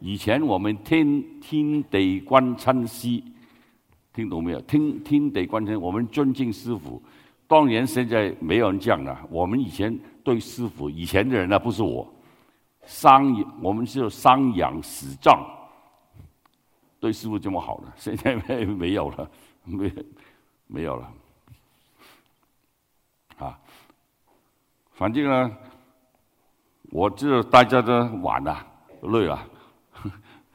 以前我們天地君親師，聽懂沒有？天地君親，我們尊敬師傅。當然，現在沒有人這樣啦、啊。我們以前對師傅，以前的人呢、啊，不是我。商，我們是有商養死葬。對師傅這麼好的，現在沒有了，沒有沒有了。啊，反正呢，我知大家都晚了，累了。